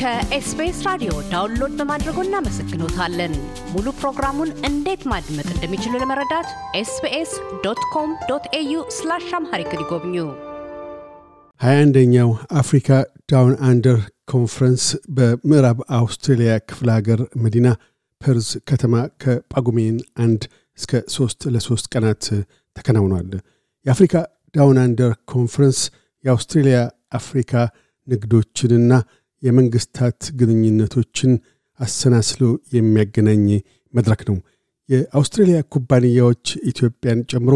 ከኤስቢኤስ ራዲዮ ዳውንሎድ በማድረጎ እናመሰግኖታለን። ሙሉ ፕሮግራሙን እንዴት ማድመጥ እንደሚችሉ ለመረዳት ኤስቢኤስ ዶት ኮም ዶት ኤዩ ስላሽ አምሃሪክ ይጎብኙ። 21ኛው አፍሪካ ዳውን አንደር ኮንፈረንስ በምዕራብ አውስትሬልያ ክፍለ ሀገር መዲና ፐርዝ ከተማ ከጳጉሜን አንድ እስከ ሶስት ለሶስት ቀናት ተከናውኗል። የአፍሪካ ዳውን አንደር ኮንፈረንስ የአውስትሬልያ አፍሪካ ንግዶችንና የመንግስታት ግንኙነቶችን አሰናስሎ የሚያገናኝ መድረክ ነው። የአውስትሬልያ ኩባንያዎች ኢትዮጵያን ጨምሮ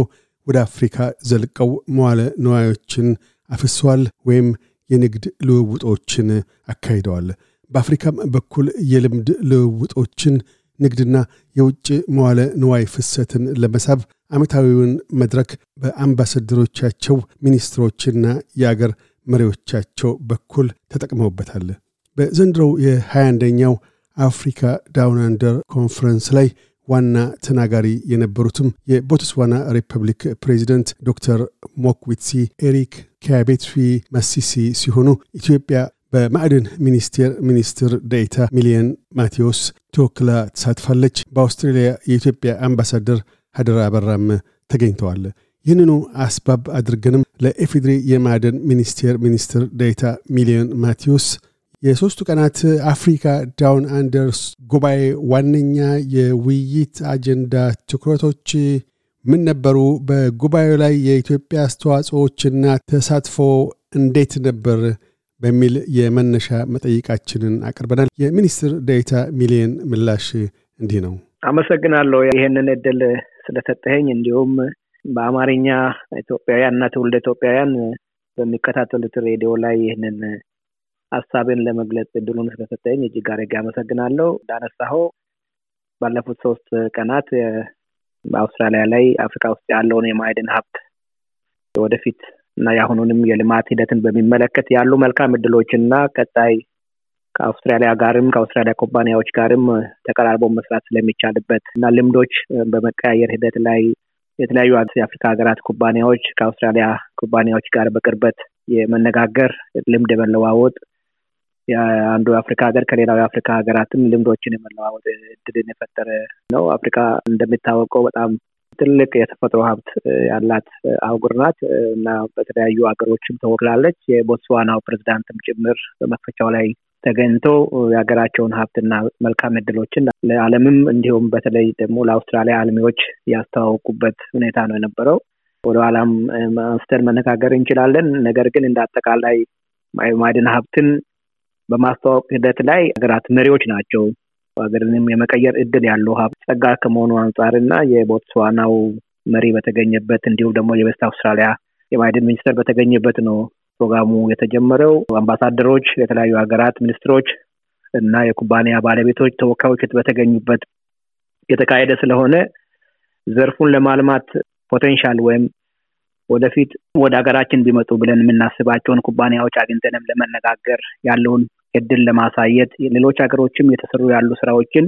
ወደ አፍሪካ ዘልቀው መዋለ ነዋዮችን አፍሰዋል ወይም የንግድ ልውውጦችን አካሂደዋል። በአፍሪካም በኩል የልምድ ልውውጦችን፣ ንግድና የውጭ መዋለ ንዋይ ፍሰትን ለመሳብ ዓመታዊውን መድረክ በአምባሳደሮቻቸው ሚኒስትሮችና የአገር መሪዎቻቸው በኩል ተጠቅመውበታል። በዘንድሮው የ21ኛው አፍሪካ ዳውንንደር ኮንፈረንስ ላይ ዋና ተናጋሪ የነበሩትም የቦትስዋና ሪፐብሊክ ፕሬዚደንት ዶክተር ሞክዊትሲ ኤሪክ ካያቤትፊ ማሲሲ ሲሆኑ ኢትዮጵያ በማዕድን ሚኒስቴር ሚኒስትር ዴኤታ ሚሊየን ማቴዎስ ተወክላ ተሳትፋለች። በአውስትሬልያ የኢትዮጵያ አምባሳደር ሀደራ አበራም ተገኝተዋል። ይህንኑ አስባብ አድርገንም ለኢፌድሪ የማደን ሚኒስቴር ሚኒስትር ዴታ ሚሊዮን ማቴዎስ የሶስቱ ቀናት አፍሪካ ዳውን አንደርስ ጉባኤ ዋነኛ የውይይት አጀንዳ ትኩረቶች ምን ነበሩ? በጉባኤው ላይ የኢትዮጵያ አስተዋጽኦችና ተሳትፎ እንዴት ነበር? በሚል የመነሻ መጠይቃችንን አቅርበናል። የሚኒስትር ዴታ ሚሊየን ምላሽ እንዲህ ነው። አመሰግናለሁ ይህንን እድል ስለሰጠኸኝ እንዲሁም በአማርኛ ኢትዮጵያውያን እና ትውልደ ኢትዮጵያውያን በሚከታተሉት ሬዲዮ ላይ ይህንን ሀሳብን ለመግለጽ እድሉን ስለሰጠኝ እጅግ አድርጌ አመሰግናለሁ። እንዳነሳኸው ባለፉት ሶስት ቀናት በአውስትራሊያ ላይ አፍሪካ ውስጥ ያለውን የማይድን ሀብት ወደፊት እና የአሁኑንም የልማት ሂደትን በሚመለከት ያሉ መልካም እና ቀጣይ ከአውስትራሊያ ጋርም ከአውስትራሊያ ኩባንያዎች ጋርም ተቀራርቦ መስራት ስለሚቻልበት እና ልምዶች በመቀያየር ሂደት ላይ የተለያዩ የአፍሪካ ሀገራት ኩባንያዎች ከአውስትራሊያ ኩባንያዎች ጋር በቅርበት የመነጋገር ልምድ የመለዋወጥ አንዱ የአፍሪካ ሀገር ከሌላው የአፍሪካ ሀገራትም ልምዶችን የመለዋወጥ እድልን የፈጠረ ነው። አፍሪካ እንደሚታወቀው በጣም ትልቅ የተፈጥሮ ሀብት ያላት አህጉር ናት እና በተለያዩ ሀገሮችም ተወክላለች። የቦትስዋናው ፕሬዚዳንትም ጭምር በመክፈቻው ላይ ተገኝቶ የሀገራቸውን ሀብትና መልካም እድሎችን ለዓለምም እንዲሁም በተለይ ደግሞ ለአውስትራሊያ አልሚዎች ያስተዋወቁበት ሁኔታ ነው የነበረው። ወደ አንስተን መነጋገር እንችላለን። ነገር ግን እንደ አጠቃላይ ማዕድን ሀብትን በማስተዋወቅ ሂደት ላይ ሀገራት መሪዎች ናቸው። ሀገርንም የመቀየር እድል ያለው ሀብት ጸጋ ከመሆኑ አንጻርና የቦትስዋናው መሪ በተገኘበት እንዲሁም ደግሞ የበስት አውስትራሊያ የማዕድን ሚኒስተር በተገኘበት ነው ፕሮግራሙ የተጀመረው አምባሳደሮች፣ የተለያዩ ሀገራት ሚኒስትሮች እና የኩባንያ ባለቤቶች ተወካዮች በተገኙበት የተካሄደ ስለሆነ ዘርፉን ለማልማት ፖቴንሻል ወይም ወደፊት ወደ ሀገራችን ቢመጡ ብለን የምናስባቸውን ኩባንያዎች አግኝተንም ለመነጋገር ያለውን እድል ለማሳየት ሌሎች ሀገሮችም የተሰሩ ያሉ ስራዎችን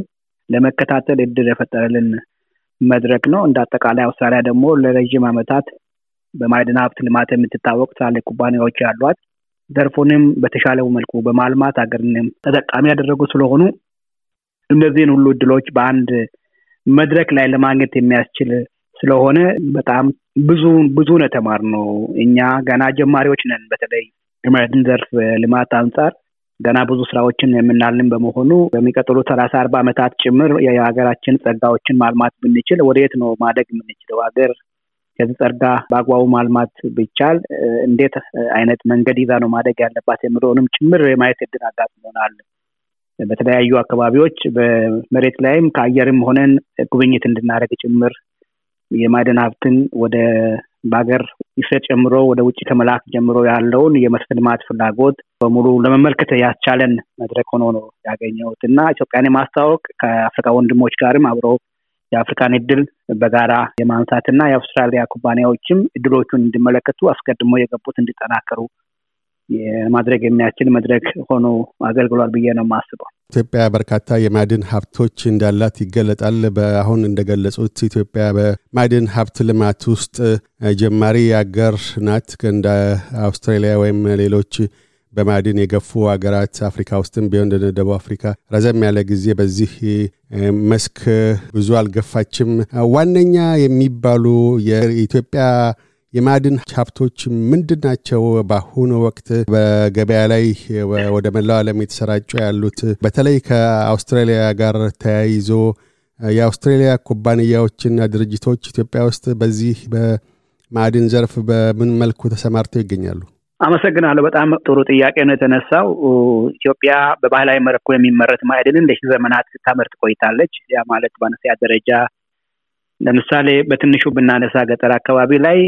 ለመከታተል እድል የፈጠረልን መድረክ ነው። እንደ አጠቃላይ አውስትራሊያ ደግሞ ለረዥም ዓመታት በማዕድን ሀብት ልማት የምትታወቅ ትላልቅ ኩባንያዎች ያሏት ዘርፉንም በተሻለው መልኩ በማልማት ሀገርንም ተጠቃሚ ያደረጉ ስለሆኑ እነዚህን ሁሉ እድሎች በአንድ መድረክ ላይ ለማግኘት የሚያስችል ስለሆነ በጣም ብዙ ብዙ ነው እኛ ገና ጀማሪዎች ነን። በተለይ የማዕድን ዘርፍ ልማት አንጻር ገና ብዙ ስራዎችን የምናልን በመሆኑ በሚቀጥሉ ሰላሳ አርባ ዓመታት ጭምር የሀገራችን ጸጋዎችን ማልማት ብንችል ወደየት ነው ማደግ የምንችለው? ሀገር ከዚህ ዘር በአግባቡ ማልማት ቢቻል እንዴት አይነት መንገድ ይዛ ነው ማደግ ያለባት የምለሆንም ጭምር የማየት እድል አጋጥሞናል። በተለያዩ አካባቢዎች በመሬት ላይም ከአየርም ሆነን ጉብኝት እንድናደርግ ጭምር የማደን ሀብትን ወደ በሀገር ይሰጥ ጨምሮ ወደ ውጭ ከመላክ ጀምሮ ያለውን የመስክ ልማት ፍላጎት በሙሉ ለመመልከት ያስቻለን መድረክ ሆኖ ነው ያገኘሁት እና ኢትዮጵያን የማስተዋወቅ ከአፍሪካ ወንድሞች ጋርም አብሮ የአፍሪካን እድል በጋራ እና የአውስትራሊያ ኩባንያዎችም እድሎቹን እንዲመለከቱ አስቀድሞ የገቡት እንዲጠናከሩ የማድረግ የሚያስችል መድረክ ሆኖ አገልግሏል ብዬ ነው የማስበው። ኢትዮጵያ በርካታ የማዕድን ሀብቶች እንዳላት ይገለጣል። በአሁን እንደገለጹት ኢትዮጵያ በማዕድን ሀብት ልማት ውስጥ ጀማሪ አገር ናት። እንደ አውስትራሊያ ወይም ሌሎች በማዕድን የገፉ ሀገራት አፍሪካ ውስጥም ቢሆን ደቡብ አፍሪካ ረዘም ያለ ጊዜ በዚህ መስክ ብዙ አልገፋችም። ዋነኛ የሚባሉ የኢትዮጵያ የማዕድን ሀብቶች ምንድን ናቸው? በአሁኑ ወቅት በገበያ ላይ ወደ መላው ዓለም የተሰራጩ ያሉት በተለይ ከአውስትራሊያ ጋር ተያይዞ የአውስትሬሊያ ኩባንያዎችና ድርጅቶች ኢትዮጵያ ውስጥ በዚህ በማዕድን ዘርፍ በምን መልኩ ተሰማርተው ይገኛሉ? አመሰግናለሁ። በጣም ጥሩ ጥያቄ ነው የተነሳው። ኢትዮጵያ በባህላዊ መልኩ የሚመረት ማዕድንን ለሺህ ዘመናት ስታመርት ቆይታለች። ያ ማለት በአነስያ ደረጃ ለምሳሌ በትንሹ ብናነሳ ገጠር አካባቢ ላይ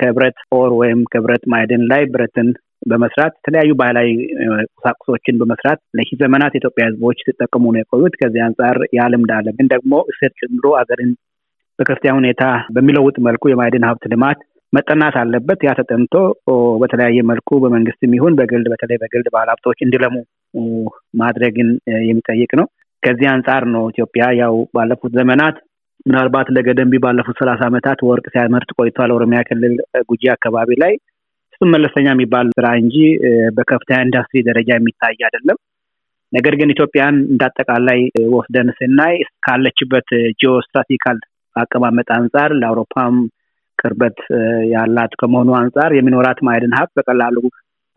ከብረት ኦር ወይም ከብረት ማዕድን ላይ ብረትን በመስራት የተለያዩ ባህላዊ ቁሳቁሶችን በመስራት ለሺ ዘመናት የኢትዮጵያ ሕዝቦች ሲጠቀሙ ነው የቆዩት። ከዚህ አንጻር ያ ልምድ አለ። ግን ደግሞ እሴት ጨምሮ አገርን በከፍተኛ ሁኔታ በሚለውጥ መልኩ የማዕድን ሀብት ልማት መጠናት አለበት። ያ ተጠንቶ በተለያየ መልኩ በመንግስትም ይሁን በግልድ በተለይ በግል ባለሀብቶች እንዲለሙ ማድረግን የሚጠይቅ ነው። ከዚህ አንጻር ነው ኢትዮጵያ ያው ባለፉት ዘመናት ምናልባት ለገደንቢ ባለፉት ሰላሳ ዓመታት ወርቅ ሲያመርት ቆይቷል። ኦሮሚያ ክልል ጉጂ አካባቢ ላይ እሱም መለስተኛ የሚባል ስራ እንጂ በከፍተኛ ኢንዱስትሪ ደረጃ የሚታይ አይደለም። ነገር ግን ኢትዮጵያን እንዳጠቃላይ ወስደን ስናይ ካለችበት ጂኦስትራቴጂካል አቀማመጥ አንጻር ለአውሮፓም ቅርበት ያላት ከመሆኑ አንጻር የሚኖራት ማዕድን ሀብት በቀላሉ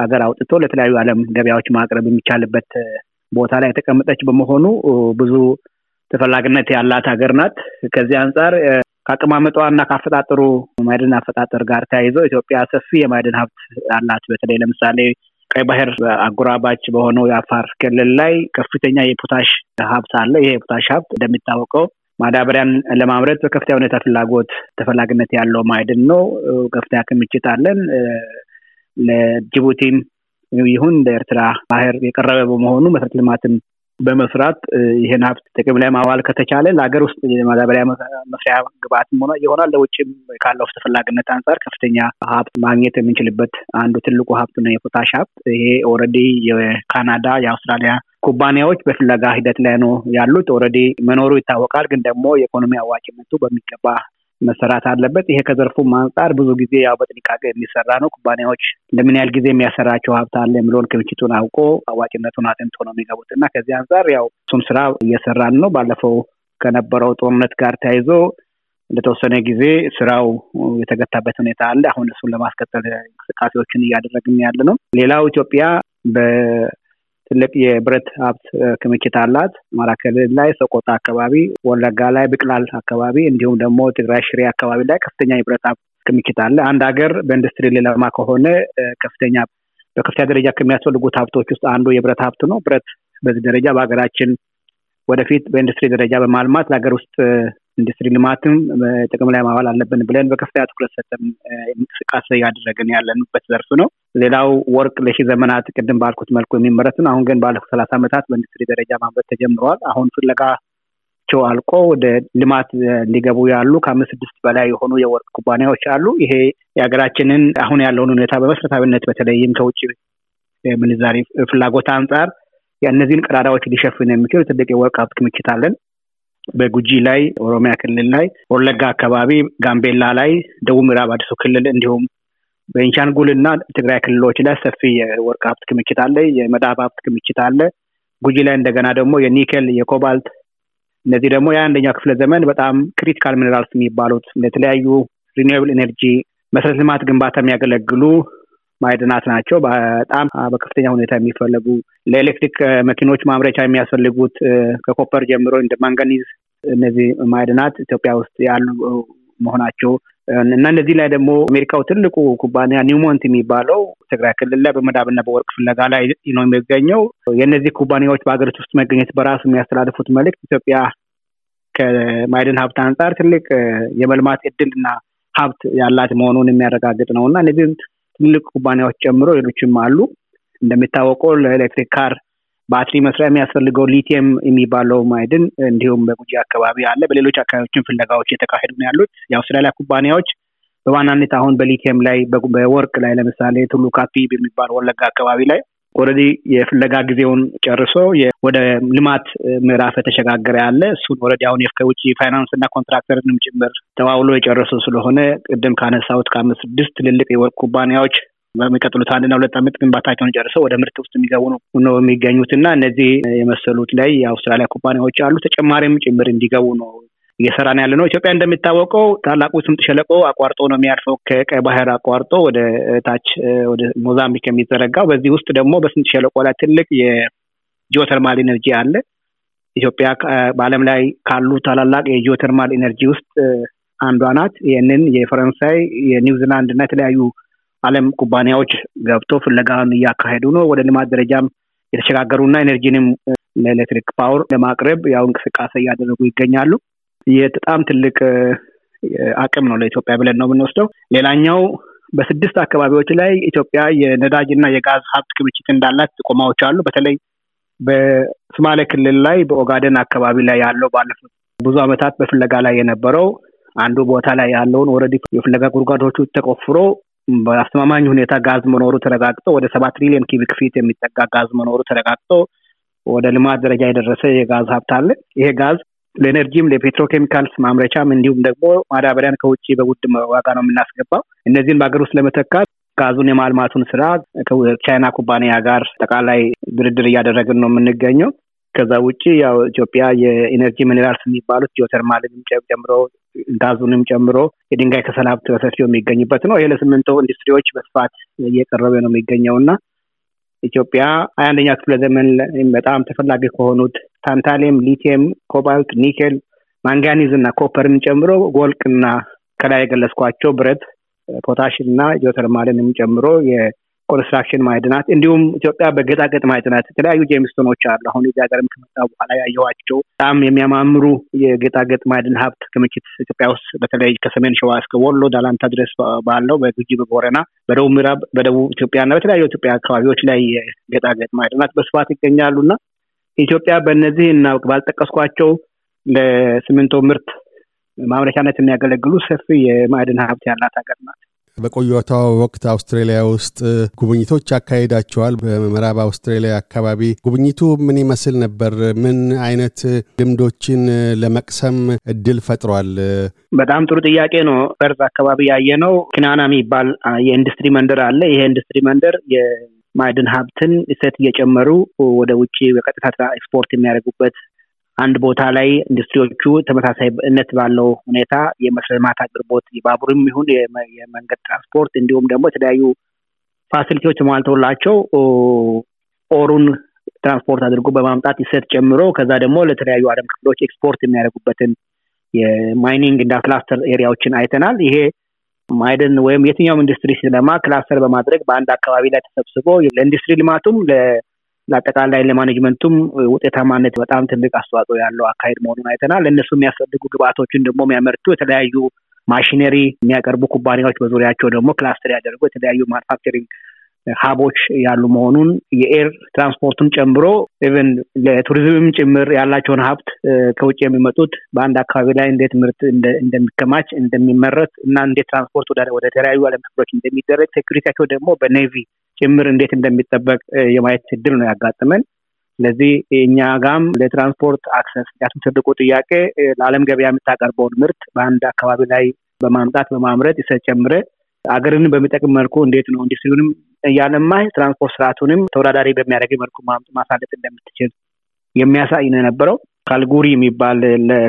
ሀገር አውጥቶ ለተለያዩ ዓለም ገበያዎች ማቅረብ የሚቻልበት ቦታ ላይ የተቀመጠች በመሆኑ ብዙ ተፈላጊነት ያላት ሀገር ናት። ከዚህ አንጻር ከአቀማመጧ እና ከአፈጣጠሩ ማዕድን አፈጣጠር ጋር ተያይዘው ኢትዮጵያ ሰፊ የማዕድን ሀብት አላት። በተለይ ለምሳሌ ቀይ ባህር አጎራባች በሆነው የአፋር ክልል ላይ ከፍተኛ የፖታሽ ሀብት አለ። ይሄ የፖታሽ ሀብት እንደሚታወቀው ማዳበሪያን ለማምረት በከፍተኛ ሁኔታ ፍላጎት ተፈላጊነት ያለው ማይድን ነው። ከፍተኛ ክምችት አለን። ለጅቡቲም ይሁን ለኤርትራ ባህር የቀረበ በመሆኑ መሰረት ልማትን በመስራት ይህን ሀብት ጥቅም ላይ ማዋል ከተቻለ ለሀገር ውስጥ የማዳበሪያ መስሪያ ግብት ሆነ ይሆናል። ለውጭም ካለው ተፈላጊነት አንጻር ከፍተኛ ሀብት ማግኘት የምንችልበት አንዱ ትልቁ ሀብት ነው የፖታሽ ሀብት። ይሄ ኦረዲ የካናዳ የአውስትራሊያ ኩባንያዎች በፍለጋ ሂደት ላይ ነው ያሉት። ኦረዲ መኖሩ ይታወቃል። ግን ደግሞ የኢኮኖሚ አዋጭነቱ በሚገባ መሰራት አለበት። ይሄ ከዘርፉም አንጻር ብዙ ጊዜ ያው በጥንቃቄ የሚሰራ ነው። ኩባንያዎች ለምን ያህል ጊዜ የሚያሰራቸው ሀብት አለ የሚለውን ክምችቱን አውቆ አዋጭነቱን አጥንቶ ነው የሚገቡት እና ከዚህ አንጻር ያው እሱም ስራ እየሰራን ነው። ባለፈው ከነበረው ጦርነት ጋር ተያይዞ ለተወሰነ ጊዜ ስራው የተገታበት ሁኔታ አለ። አሁን እሱን ለማስቀጠል እንቅስቃሴዎችን እያደረግን ያለ ነው። ሌላው ኢትዮጵያ በ ትልቅ የብረት ሀብት ክምችት አላት። አማራ ክልል ላይ ሰቆጣ አካባቢ፣ ወለጋ ላይ ብቅላል አካባቢ እንዲሁም ደግሞ ትግራይ ሽሬ አካባቢ ላይ ከፍተኛ የብረት ሀብት ክምችት አለ። አንድ ሀገር በኢንዱስትሪ ሊለማ ከሆነ ከፍተኛ በከፍተኛ ደረጃ ከሚያስፈልጉት ሀብቶች ውስጥ አንዱ የብረት ሀብት ነው። ብረት በዚህ ደረጃ በሀገራችን ወደፊት በኢንዱስትሪ ደረጃ በማልማት ለሀገር ውስጥ ኢንዱስትሪ ልማትም ጥቅም ላይ ማዋል አለብን ብለን በከፍተኛ ትኩረት ሰጠን እንቅስቃሴ እያደረግን ያለንበት ዘርፍ ነው። ሌላው ወርቅ ለሺ ዘመናት ቅድም ባልኩት መልኩ የሚመረትን አሁን ግን ባለፉት ሰላሳ ዓመታት በኢንዱስትሪ ደረጃ ማምረት ተጀምረዋል። አሁን ፍለጋቸው አልቆ ወደ ልማት እንዲገቡ ያሉ ከአምስት ስድስት በላይ የሆኑ የወርቅ ኩባንያዎች አሉ። ይሄ የሀገራችንን አሁን ያለውን ሁኔታ በመስረታዊነት በተለይም ከውጭ ምንዛሬ ፍላጎት አንጻር እነዚህን ቀዳዳዎች ሊሸፍን የሚችል ትልቅ የወርቅ ሀብት ክምችት አለን። በጉጂ ላይ ኦሮሚያ ክልል ላይ፣ ወለጋ አካባቢ፣ ጋምቤላ ላይ፣ ደቡብ ምዕራብ አዲሱ ክልል እንዲሁም በቤንሻንጉል እና ትግራይ ክልሎች ላይ ሰፊ የወርቅ ሀብት ክምችት አለ። የመዳብ ሀብት ክምችት አለ። ጉጂ ላይ እንደገና ደግሞ የኒከል የኮባልት እነዚህ ደግሞ የአንደኛው ክፍለ ዘመን በጣም ክሪቲካል ሚኔራልስ የሚባሉት ለተለያዩ ሪኒብል ኤነርጂ መሰረት ልማት ግንባታ የሚያገለግሉ ማይድናት ናቸው። በጣም በከፍተኛ ሁኔታ የሚፈለጉ ለኤሌክትሪክ መኪኖች ማምረቻ የሚያስፈልጉት ከኮፐር ጀምሮ እንደ ማንጋኒዝ እነዚህ ማዕድናት ኢትዮጵያ ውስጥ ያሉ መሆናቸው እና እነዚህ ላይ ደግሞ አሜሪካው ትልቁ ኩባንያ ኒውሞንት የሚባለው ትግራይ ክልል ላይ በመዳብና በወርቅ ፍለጋ ላይ ነው የሚገኘው። የእነዚህ ኩባንያዎች በሀገሪቱ ውስጥ መገኘት በራሱ የሚያስተላልፉት መልእክት ኢትዮጵያ ከማይድን ሀብት አንጻር ትልቅ የመልማት እድልና ሀብት ያላት መሆኑን የሚያረጋግጥ ነው እና እነዚህ ትልቅ ኩባንያዎች ጨምሮ ሌሎችም አሉ። እንደሚታወቀው ለኤሌክትሪክ ካር በአትሌ መስሪያ የሚያስፈልገው ሊቲየም የሚባለው ማይድን እንዲሁም በጉጂ አካባቢ አለ። በሌሎች አካባቢዎችን ፍለጋዎች የተካሄዱ ነው ያሉት የአውስትራሊያ ኩባንያዎች በዋናነት አሁን በሊቲየም ላይ በወርቅ ላይ ለምሳሌ ቱሉ ካፒ የሚባል ወለጋ አካባቢ ላይ ኦልሬዲ የፍለጋ ጊዜውን ጨርሶ ወደ ልማት ምዕራፍ የተሸጋገረ ያለ እሱን ወረዲ አሁን ከውጭ ፋይናንስ እና ኮንትራክተርንም ጭምር ተዋውሎ የጨረሱ ስለሆነ ቅድም ካነሳሁት ከአምስት ስድስት ትልልቅ የወርቅ ኩባንያዎች በሚቀጥሉት አንድና ሁለት ዓመት ግንባታቸውን ጨርሰው ወደ ምርት ውስጥ የሚገቡ ነው ነው የሚገኙት እና እነዚህ የመሰሉት ላይ የአውስትራሊያ ኩባንያዎች አሉ ተጨማሪም ጭምር እንዲገቡ ነው እየሰራን ያለ ነው። ኢትዮጵያ እንደሚታወቀው ታላቁ ስምጥ ሸለቆ አቋርጦ ነው የሚያልፈው ከቀይ ባህር አቋርጦ ወደ ታች ወደ ሞዛምቢክ የሚዘረጋው። በዚህ ውስጥ ደግሞ በስምጥ ሸለቆ ላይ ትልቅ የጂኦተርማል ኤነርጂ አለ። ኢትዮጵያ በአለም ላይ ካሉ ታላላቅ የጂኦተርማል ኤነርጂ ውስጥ አንዷ ናት። ይህንን የፈረንሳይ የኒውዚላንድ እና የተለያዩ አለም ኩባንያዎች ገብቶ ፍለጋን እያካሄዱ ነው። ወደ ልማት ደረጃም የተሸጋገሩና ኤነርጂንም ለኤሌክትሪክ ፓወር ለማቅረብ ያው እንቅስቃሴ እያደረጉ ይገኛሉ። በጣም ትልቅ አቅም ነው ለኢትዮጵያ ብለን ነው የምንወስደው። ሌላኛው በስድስት አካባቢዎች ላይ ኢትዮጵያ የነዳጅ እና የጋዝ ሀብት ክምችት እንዳላት ጥቆማዎች አሉ። በተለይ በሶማሌ ክልል ላይ በኦጋደን አካባቢ ላይ ያለው ባለፉት ብዙ ዓመታት በፍለጋ ላይ የነበረው አንዱ ቦታ ላይ ያለውን ወረዲ የፍለጋ ጉርጓዶቹ ተቆፍሮ በአስተማማኝ ሁኔታ ጋዝ መኖሩ ተረጋግጦ ወደ ሰባት ትሪሊየን ኪቢክ ፊት የሚጠጋ ጋዝ መኖሩ ተረጋግጦ ወደ ልማት ደረጃ የደረሰ የጋዝ ሀብት አለ። ይሄ ጋዝ ለኤነርጂም ለፔትሮኬሚካልስ ማምረቻም እንዲሁም ደግሞ ማዳበሪያን ከውጭ በውድ ዋጋ ነው የምናስገባው። እነዚህን በሀገር ውስጥ ለመተካት ጋዙን የማልማቱን ስራ ከቻይና ኩባንያ ጋር ጠቃላይ ድርድር እያደረግን ነው የምንገኘው። ከዛ ውጭ ያው ኢትዮጵያ የኢነርጂ ሚኔራልስ የሚባሉት ጂኦተርማልንም ጨምሮ ጋዙንም ጨምሮ የድንጋይ ከሰል በሰፊው የሚገኝበት ነው። ይሄ ለሲሚንቶ ኢንዱስትሪዎች በስፋት እየቀረበ ነው የሚገኘው እና ኢትዮጵያ ሀያ አንደኛ ክፍለ ዘመን በጣም ተፈላጊ ከሆኑት ታንታሌም፣ ሊቲየም፣ ኮባልት፣ ኒኬል፣ ማንጋኒዝ እና ኮፐርን ጨምሮ ወርቅና ከላይ የገለጽኳቸው ብረት፣ ፖታሽን እና ጂኦተርማልንም ጨምሮ ኮንስትራክሽን ማዕድናት እንዲሁም ኢትዮጵያ በገጣገጥ ማዕድናት የተለያዩ ጄምስቶኖች አሉ። አሁን እዚህ ሀገርም ከመጣ በኋላ ያየዋቸው በጣም የሚያማምሩ የጌጣጌጥ ማዕድን ሀብት ክምችት ኢትዮጵያ ውስጥ በተለይ ከሰሜን ሸዋ እስከ ወሎ ዳላንታ ድረስ ባለው በጉጂ በቦረና፣ በደቡብ ምዕራብ፣ በደቡብ ኢትዮጵያ ና በተለያዩ ኢትዮጵያ አካባቢዎች ላይ የገጣገጥ ማዕድናት በስፋት ይገኛሉ እና ኢትዮጵያ በእነዚህ እና ባልጠቀስኳቸው ለሲሚንቶ ምርት ማምረቻነት የሚያገለግሉ ሰፊ የማዕድን ሀብት ያላት ሀገር ናት። በቆዮታ ወቅት አውስትራሊያ ውስጥ ጉብኝቶች አካሄዳቸዋል። በምዕራብ አውስትራሊያ አካባቢ ጉብኝቱ ምን ይመስል ነበር? ምን አይነት ልምዶችን ለመቅሰም እድል ፈጥሯል? በጣም ጥሩ ጥያቄ ነው። በርዝ አካባቢ ያየ ነው። ኪናና የሚባል የኢንዱስትሪ መንደር አለ። ይሄ ኢንዱስትሪ መንደር የማዕድን ሀብትን እሴት እየጨመሩ ወደ ውጭ በቀጥታ ኤክስፖርት የሚያደርጉበት አንድ ቦታ ላይ ኢንዱስትሪዎቹ ተመሳሳይነት ባለው ሁኔታ የመስልማት አቅርቦት የባቡርም ይሁን የመንገድ ትራንስፖርት እንዲሁም ደግሞ የተለያዩ ፋሲሊቲዎች ተሟልተውላቸው ኦሩን ትራንስፖርት አድርጎ በማምጣት ይሰጥ ጨምሮ ከዛ ደግሞ ለተለያዩ አለም ክፍሎች ኤክስፖርት የሚያደርጉበትን የማይኒንግ እና ክላስተር ኤሪያዎችን አይተናል። ይሄ ማይደን ወይም የትኛውም ኢንዱስትሪ ሲለማ ክላስተር በማድረግ በአንድ አካባቢ ላይ ተሰብስቦ ለኢንዱስትሪ ልማቱም ለአጠቃላይ ለማኔጅመንቱም ውጤታማነት በጣም ትልቅ አስተዋጽኦ ያለው አካሄድ መሆኑን አይተናል። ለእነሱ የሚያስፈልጉ ግብአቶችን ደግሞ የሚያመርቱ የተለያዩ ማሽነሪ የሚያቀርቡ ኩባንያዎች በዙሪያቸው ደግሞ ክላስተር ያደርጉ የተለያዩ ማንፋክቸሪንግ ሀቦች ያሉ መሆኑን የኤር ትራንስፖርቱን ጨምሮ ኢቨን ለቱሪዝምም ጭምር ያላቸውን ሀብት ከውጭ የሚመጡት በአንድ አካባቢ ላይ እንዴት ምርት እንደሚከማች እንደሚመረት እና እንዴት ትራንስፖርት ወደ ተለያዩ አለም ክፍሎች እንደሚደረግ ሴኩሪቲያቸው ደግሞ በኔቪ ጭምር እንዴት እንደሚጠበቅ የማየት እድል ነው ያጋጥመን። ስለዚህ እኛ ጋም ለትራንስፖርት አክሰስ ያቱም ትልቁ ጥያቄ ለአለም ገበያ የምታቀርበውን ምርት በአንድ አካባቢ ላይ በማምጣት በማምረት ይሰጨምረ አገርን በሚጠቅም መልኩ እንዴት ነው ኢንዱስትሪውንም እያለማ ትራንስፖርት ስርዓቱንም ተወዳዳሪ በሚያደረግ መልኩ ማሳለጥ እንደምትችል የሚያሳይ ነው የነበረው። ካልጉሪ የሚባል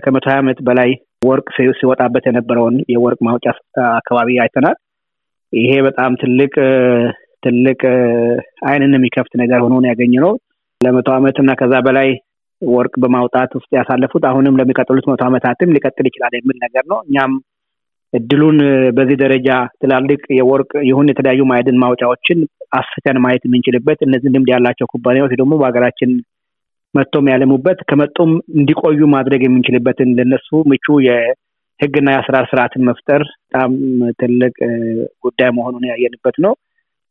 ከመቶ ሀያ ዓመት በላይ ወርቅ ሲወጣበት የነበረውን የወርቅ ማውጫ አካባቢ አይተናል። ይሄ በጣም ትልቅ ትልቅ አይንን የሚከፍት ነገር ሆኖ ያገኘ ነው። ለመቶ ዓመት እና ከዛ በላይ ወርቅ በማውጣት ውስጥ ያሳለፉት አሁንም ለሚቀጥሉት መቶ ዓመታትም ሊቀጥል ይችላል የሚል ነገር ነው። እኛም እድሉን በዚህ ደረጃ ትላልቅ የወርቅ ይሁን የተለያዩ ማየድን ማውጫዎችን አስተን ማየት የምንችልበት እነዚህ ልምድ ያላቸው ኩባንያዎች ደግሞ በሀገራችን መጥቶም ያለሙበት ከመጡም እንዲቆዩ ማድረግ የምንችልበትን ለነሱ ምቹ የህግና የአሰራር ስርዓትን መፍጠር በጣም ትልቅ ጉዳይ መሆኑን ያየንበት ነው።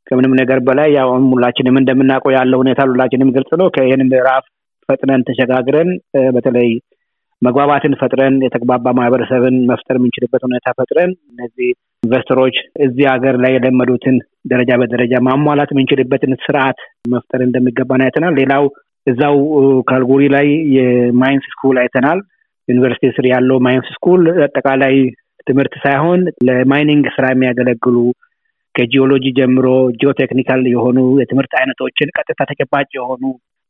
ከምንም ነገር በላይ ያው ሁላችንም እንደምናውቀው ያለው ሁኔታ ሁላችንም ግልጽ ነው። ከይህን ምዕራፍ ፈጥነን ተሸጋግረን በተለይ መግባባትን ፈጥረን የተግባባ ማህበረሰብን መፍጠር የምንችልበት ሁኔታ ፈጥረን እነዚህ ኢንቨስተሮች እዚህ ሀገር ላይ የለመዱትን ደረጃ በደረጃ ማሟላት የምንችልበትን ስርዓት መፍጠር እንደሚገባን አይተናል። ሌላው እዛው ካልጉሪ ላይ የማይንስ ስኩል አይተናል። ዩኒቨርሲቲ ስር ያለው ማይንስ ስኩል አጠቃላይ ትምህርት ሳይሆን ለማይኒንግ ስራ የሚያገለግሉ ከጂኦሎጂ ጀምሮ ጂኦቴክኒካል የሆኑ የትምህርት አይነቶችን ቀጥታ ተጨባጭ የሆኑ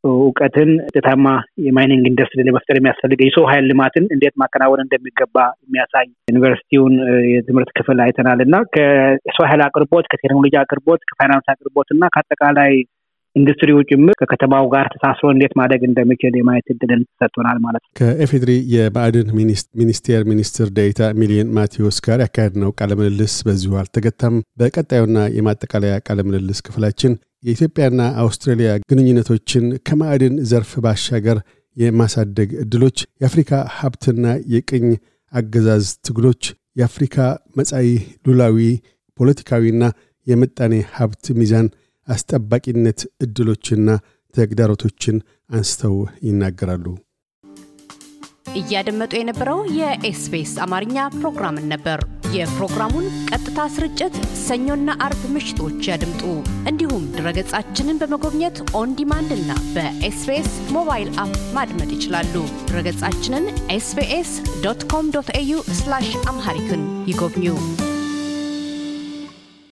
እውቀትን ጥታማ የማይኒንግ ኢንዱስትሪ ለመፍጠር የሚያስፈልገ የሰው ኃይል ልማትን እንዴት ማከናወን እንደሚገባ የሚያሳይ ዩኒቨርሲቲውን የትምህርት ክፍል አይተናል እና ከሰው ኃይል አቅርቦት፣ ከቴክኖሎጂ አቅርቦት፣ ከፋይናንስ አቅርቦት እና ከአጠቃላይ ኢንዱስትሪው ጭምር ከከተማው ጋር ተሳስሮ እንዴት ማደግ እንደሚችል የማየት እድልን ሰጥቶናል ማለት ነው። ከኤፌድሪ የማዕድን ሚኒስቴር ሚኒስትር ዴኤታ ሚሊየን ማቴዎስ ጋር ያካሄድነው ቃለ በዚሁ አልተገታም። በቀጣዩና የማጠቃለያ ቃለምልልስ ክፍላችን የኢትዮጵያና አውስትራሊያ ግንኙነቶችን ከማዕድን ዘርፍ ባሻገር የማሳደግ እድሎች፣ የአፍሪካ ሀብትና የቅኝ አገዛዝ ትግሎች፣ የአፍሪካ መጻኢ ሉላዊ ፖለቲካዊና የምጣኔ ሀብት ሚዛን አስጠባቂነት እድሎችና ተግዳሮቶችን አንስተው ይናገራሉ እያደመጡ የነበረው የኤስፔስ አማርኛ ፕሮግራምን ነበር የፕሮግራሙን ቀጥታ ስርጭት ሰኞና አርብ ምሽቶች ያድምጡ እንዲሁም ድረገጻችንን በመጎብኘት ኦንዲማንድ እና በኤስቤስ ሞባይል አፕ ማድመጥ ይችላሉ ድረገጻችንን ኤስቤስ ኮም ኤዩ አምሃሪክን ይጎብኙ